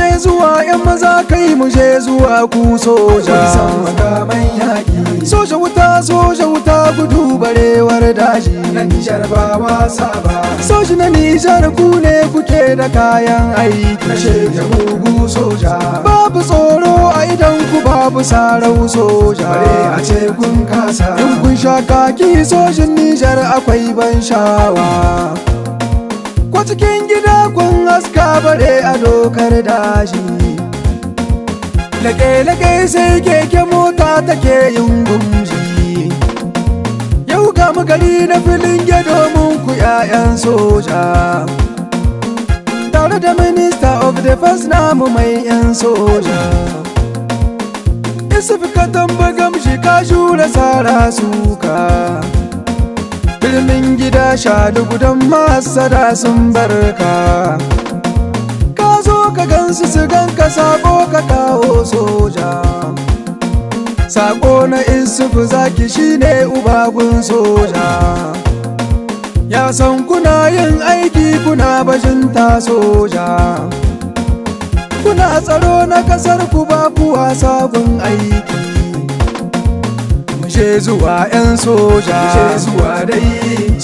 muje zuwa yan maza kai muje zuwa ku soja soja wuta soja wuta gudu barewar daji na nijar ba wasa ba soja na nijar ku ne kuke da kayan aiki na shege mugu soja babu tsoro a idan ku babu sarau soja bare a ce kun kasa in kun sha kaki sojin nijar akwai ban sha'awa ko cikin gida kun haska yarda shi laƙe-laƙe sai keke mota take yin gumji yau ga gari na filin ya domin ku 'ya'yan soja tare da minister of na mu mai 'yan soja yusuf ka tamba gamshi ka shura sara suka birnin gida sha da gudan masada sun barka ka gansu su ganka sabo ka kawo soja sako na isufu zaki shine ubagun soja ya san kuna yin aiki kuna bajinta soja kuna tsaro na kasar ku ba kuwa sabon aiki mushe zuwa 'yan soja mushe zuwa dai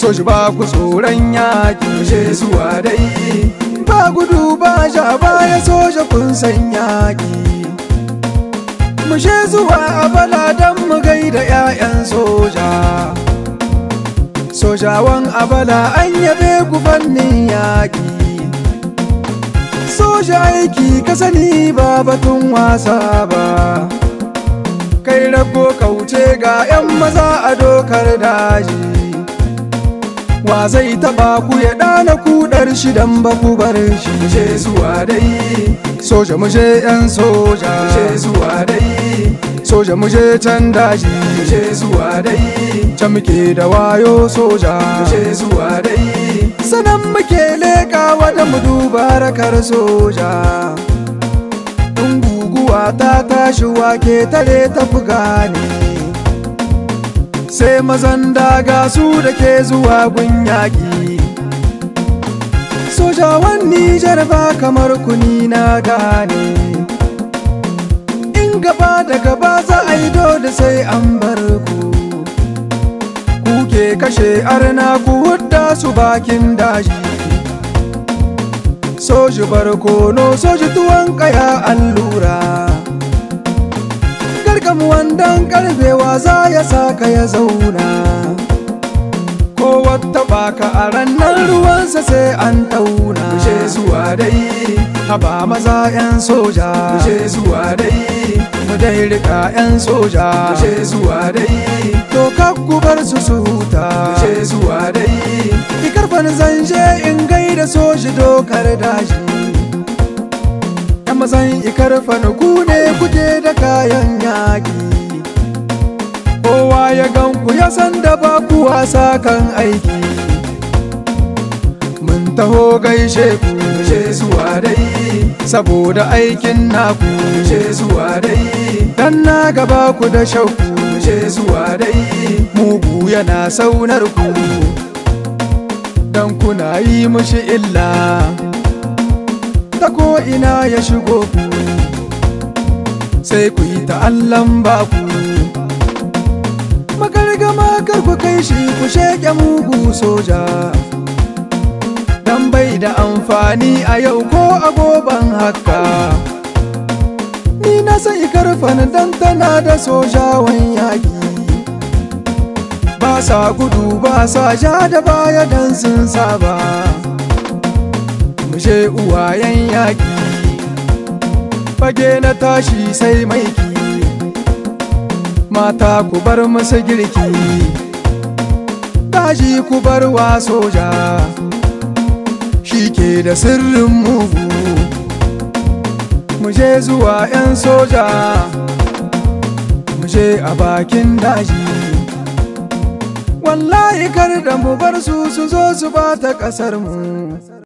soji ba ku tsoron yaki mushe zuwa dai ba gudu ba ja baya soja kun san yaƙi mu she zuwa abala don mu gaida 'ya'yan soja sojawan abala an yabe ku yaƙi soja aiki ka sani ba batun wasa ba kai rago kauce ga 'yan maza a dokar daji wa zai taba ku ya ɗana kudar shi dan ba ku bar shi je zuwa dai soja muje yan soja je zuwa dai soja muje can daji je zuwa dai can muke da wayo soja je zuwa dai sanan muke leka wata mu duba rakar soja dun guguwa ta tashi wake tare ta fi gane. sai mazan daga su da ke zuwa gun yaƙi sojawan nijar ba kamar kuni na gane in gaba da gaba za a yi da sai an bar ku kuke kashe arna ku hudda su bakin daji soji barkono soji tuwon kaya allura kam wandan karfewa za ya saka ya zauna ko wata baka a rannan ruwansa sai an tauna bushe zuwa dai haba maza yan soja bushe zuwa dai dai rika yan soja bushe zuwa dai to kakku bar su su huta bushe zuwa dai ki karfan zanje in gaida soji dokar daji mazan ikar ku ne kuje da kayan yaƙi kowa ya gan ku ya san da ba ku wasa kan aiki mun taho gaishe ku gaishe zuwa dai saboda aikin naku gaishe zuwa dai dan na gaba ku da shauku gaishe zuwa dai mugu yana saunar ku dan kuna yi mushi illa ta ko ina ya shigo ku sai ku yi ta'allan baku magargama kar ku kai shi ku sheke mugu soja dan bai da amfani a yau ko agoban haka ni na sai karfan dan tana da sojawan yaki ba sa gudu ba sa ja da baya dan sun saba mushe uwayen yaƙi fage na tashi sai maiki mata ku bar musu girki daji ku bar wa soja shi ke da sirrin mugu je zuwa 'yan soja je a bakin daji wallahi kar da mu bar su su zo su ba ta ƙasar mu